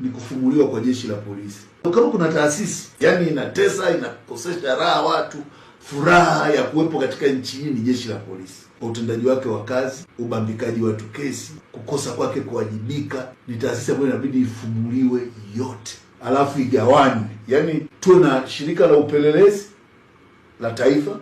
ni kufunguliwa kwa jeshi la polisi. Kama kuna taasisi yani inatesa inakosesha raha watu furaha ya kuwepo katika nchi hii ni jeshi la polisi, kwa utendaji wake wa kazi, ubambikaji watu kesi, kukosa kwake kuwajibika. Ni taasisi ambayo inabidi ifunguliwe yote, alafu igawani, yani tuwe na shirika la upelelezi la taifa,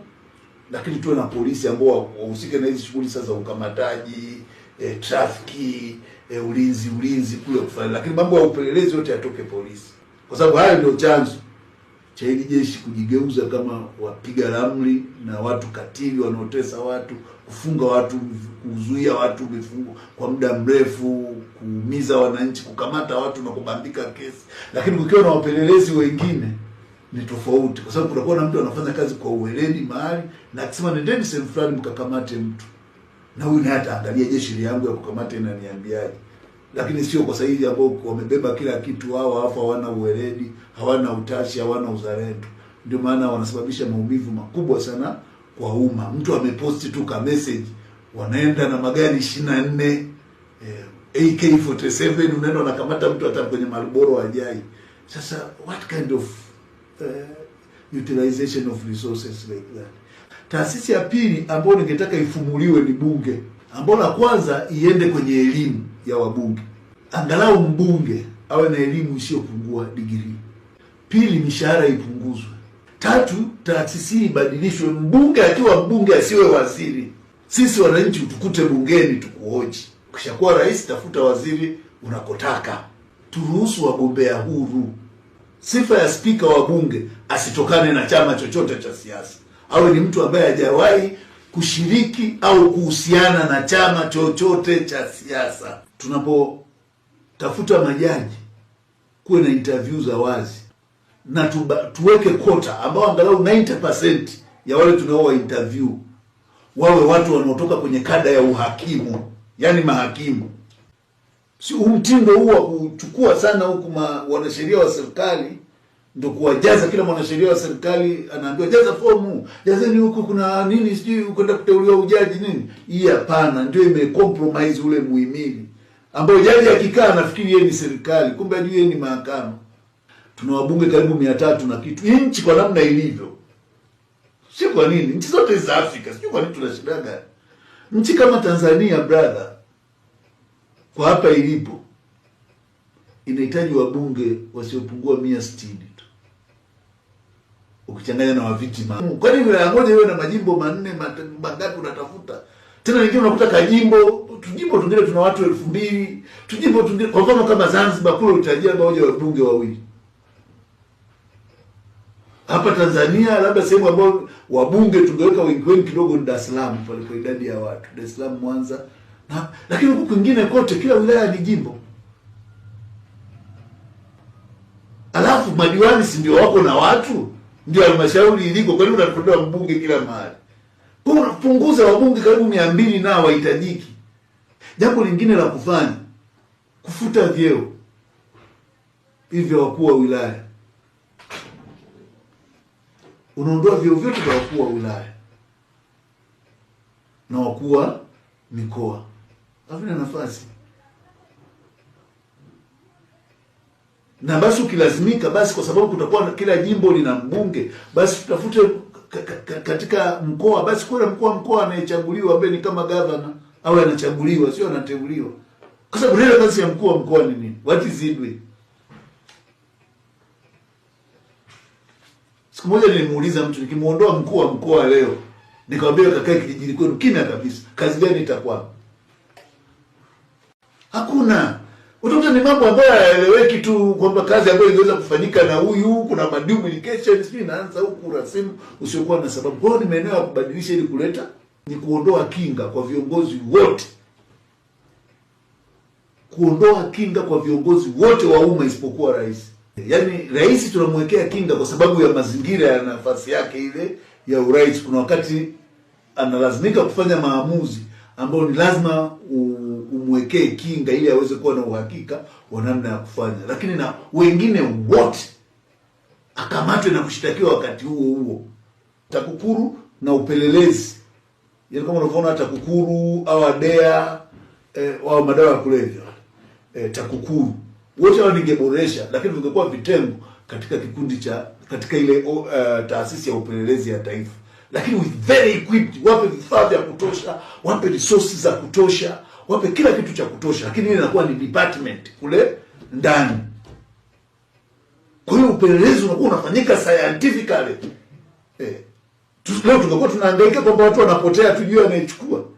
lakini tuwe na polisi ambao wahusike na hizi shughuli sasa za ukamataji e, trafiki e, ulinzi ulinzi kule kufanya, lakini mambo ya upelelezi yote yatoke polisi, kwa sababu hayo ndio chanzo cha hili jeshi kujigeuza kama wapiga ramli na watu katili wanaotesa watu, kufunga watu, kuzuia watu mifungo kwa muda mrefu, kuumiza wananchi, kukamata watu na kubambika kesi. Lakini kukiwa na wapelelezi wengine ni tofauti, kwa sababu kunakuwa na mtu anafanya kazi kwa uweledi mahali na akisema nendeni sehemu fulani mkakamate mtu na huyu naye ataangalia, je, sheria yangu ya kukamata inaniambiaje? Lakini sio kwa saizi ambao wamebeba kila kitu, hao alafu hawana uweledi, hawana utashi, hawana uzalendo. Ndio maana wanasababisha maumivu makubwa sana kwa umma. Mtu ameposti tu ka message, wanaenda na magari 24 eh, AK47 unaenda unakamata mtu hata kwenye Marlboro hajai. Sasa what kind of uh, utilization of resources like that? Taasisi ya pili ambayo ningetaka ifumuliwe ni Bunge, ambayo la kwanza iende kwenye elimu ya wabunge, angalau mbunge awe na elimu isiyopungua digrii. Pili, mishahara ipunguzwe. Tatu, taasisi hii ibadilishwe, mbunge akiwa mbunge asiwe waziri. Sisi wananchi utukute bungeni tukuhoji, ukishakuwa rais tafuta waziri unakotaka. Turuhusu wagombea huru. Sifa ya spika wa bunge asitokane na chama chochote cha siasa awe ni mtu ambaye hajawahi kushiriki au kuhusiana na chama chochote cha siasa. Tunapotafuta majaji, kuwe na interview za wazi na tuba, tuweke kota ambao angalau 90% ya wale tunaowa interview wawe watu wanaotoka kwenye kada ya uhakimu, yani mahakimu. Si mtindo huu wa kuchukua sana huku wanasheria wa serikali ndo kuwajaza kila mwanasheria wa serikali anaambiwa jaza fomu, jazeni huku kuna nini sijui ukwenda kuteuliwa ujaji nini. Hii hapana, ndio imecompromise ule muhimili ambayo jaji akikaa anafikiri yeye ni serikali, kumbe ajui yeye ni mahakama. Tuna wabunge karibu mia tatu na kitu. Hii nchi kwa namna ilivyo, si kwa nini nchi zote za Afrika, sijui kwa nini tunashindaga Nchi kama Tanzania brother, kwa hapa ilipo, inahitaji wabunge wasiopungua mia sitini ukichanganya na wavitima. Kwani wilaya moja iwe na majimbo manne mangapi? Unatafuta tena nyingine unakuta kajimbo tujimbo tungine tuna watu elfu mbili tujimbo tungine. Kwa mfano kama Zanzibar kule utajia moja wa bunge wawili. Hapa Tanzania labda sehemu ambayo wabunge tungeweka wengi wengi kidogo ni Dar es Salaam pale kwa idadi ya watu, Dar es Salaam, Mwanza na, lakini huku kwingine kote kila wilaya ni jimbo alafu madiwani si ndio wako na watu ndio halmashauri iliko. Kwa nini unatuondoa mbunge kila mahali? Kwa unapunguza wabunge karibu mia mbili nao wahitajiki. Jambo lingine la kufanya, kufuta vyeo hivyo wakuu wa wilaya, unaondoa vyeo vyote vya wakuu wa wilaya na wakuu wa mikoa, havina nafasi. na basi ukilazimika, basi kwa sababu kutakuwa kila jimbo lina mbunge, basi tutafute katika mkoa, basi kule mkoa mkoa anayechaguliwa ambaye ni kama gavana au anachaguliwa, sio anateuliwa, kwa sababu leo kazi ya mkuu wa mkoa ni nini? What is he doing? Siku moja nilimuuliza mtu, nikimuondoa mkuu wa mkoa leo nikamwambia kakae kijijini kwenu kimya kabisa, kazi gani itakuwa? Hakuna. Utakuta ni mambo ambayo hayaeleweki tu, kwamba kazi ambayo ingeweza kufanyika na huyu, kuna maduplication, sijui inaanza huku rasimu usiokuwa na sababu. Kwa hiyo ni maeneo ya kubadilisha ili kuleta ni kuondoa kinga kwa viongozi wote, kuondoa kinga kwa viongozi wote wa umma isipokuwa rais. Yaani rais tunamwekea kinga kwa sababu ya mazingira ya nafasi yake ile ya urais. Kuna wakati analazimika kufanya maamuzi ambayo ni lazima u umwekee kinga ili aweze kuwa na uhakika wa namna ya kufanya, lakini na wengine wote akamatwe na kushtakiwa wakati huo huo. TAKUKURU na upelelezi, yaani kama unavyoona TAKUKURU au adea eh, au madawa ya kulevya eh, TAKUKURU wote hao ningeboresha, lakini vingekuwa vitengo katika kikundi cha katika ile uh, taasisi ya upelelezi ya taifa, lakini with very equipped, wape vifaa vya kutosha, wape resources za kutosha wape kila kitu cha kutosha, lakini ile inakuwa ni department kule ndani. Kwa hiyo upelelezi unakuwa unafanyika scientifically eh. Leo tungekuwa tunaangaika kwamba watu wanapotea tujue anayechukua